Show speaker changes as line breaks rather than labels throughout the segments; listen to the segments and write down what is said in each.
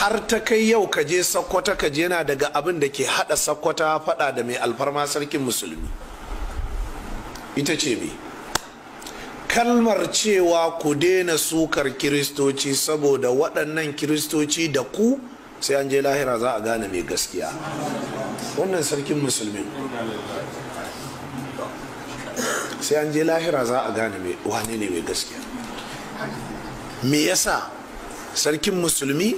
har ta kai yau ka je sakkwata ka je yana daga abin da ke hada sakkwata fada da mai alfarma sarkin musulmi ita ce me kalmar cewa ku daina sukar kiristoci saboda waɗannan kiristoci da ku sai an je lahira za a gane mai gaskiya wannan sarkin musulmi sai an je lahira za a gane wane ne mai gaskiya me yasa sarkin musulmi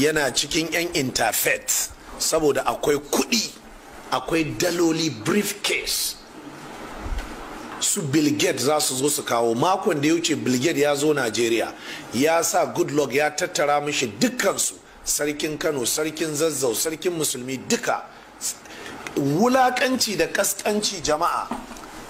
yana cikin 'yan interfet saboda akwai kuɗi akwai daloli briefcase su bill gates za su zo su kawo makon da ya wuce bill gates ya zo nigeria ya sa goodluck ya tattara mishi dukkansu sarkin kano sarkin zazzau sarkin musulmi duka wulakanci da kaskanci jama'a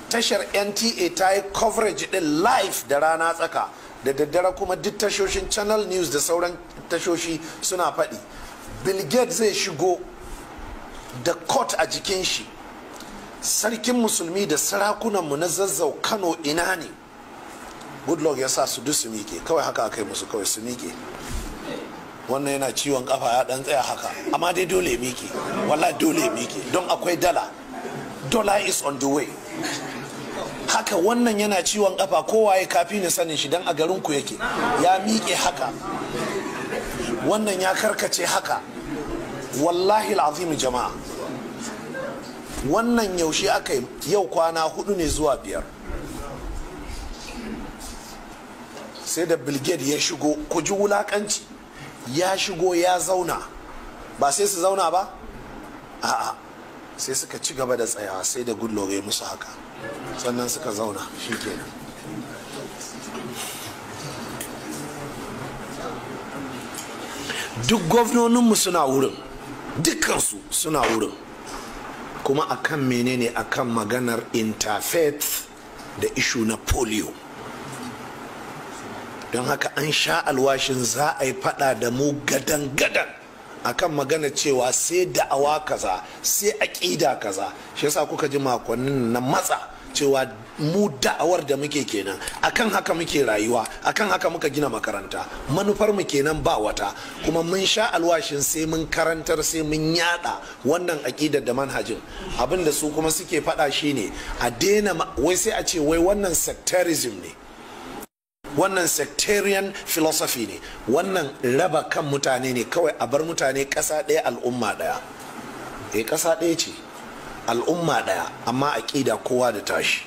tashar nta ta yi coverage din live da rana tsaka da daddare kuma duk tashoshin channel news da sauran tashoshi suna faɗi bill gates zai shigo da court a jikin shi sarkin musulmi da sarakunanmu na zazzau kano ina ne goodluck ya sa su duk su mike kawai haka kai musu kawai su mike wannan yana ciwon kafa ya dan tsaya haka amma dai dole ya wallahi dole ya don akwai dala dollar is on the way haka wannan yana ciwon kafa kowa ya kafi ni sanin shi dan a garin ku yake ya miƙe haka wannan ya karkace haka wallahi al'azim jama'a wannan yaushe aka yau kwana hudu ne zuwa biyar sai da bilged ya shigo ku ji wulakanci ya shigo ya zauna ba sai su zauna ba a'a sai suka ci gaba da tsayawa sai da goodluck musu haka sannan suka zauna shi kenan duk gwamnoninmu suna wurin dukansu suna wurin kuma akan menene akan maganar interfaith da ishu na polio don haka an sha alwashin za a yi fada da mu gadan-gadan akan magana cewa sai da'awa kaza sai aƙida kaza shi yasa kuka ji makonnin na matsa cewa mu da'awar da muke kenan akan haka muke rayuwa akan haka muka gina makaranta manufar mu kenan ba wata kuma mun sha alwashin sai mun karantar sai mun yada wannan aƙidar da manhajin Abinda su kuma suke faɗa shine a daina wai sai a ce wai wannan sectarism ne wannan sectarian philosophy ne wannan raba kan mutane ne kawai a bar mutane ƙasa ɗaya al'umma ɗaya eh ƙasa ɗaya ce al'umma ɗaya amma aƙida kowa da tashi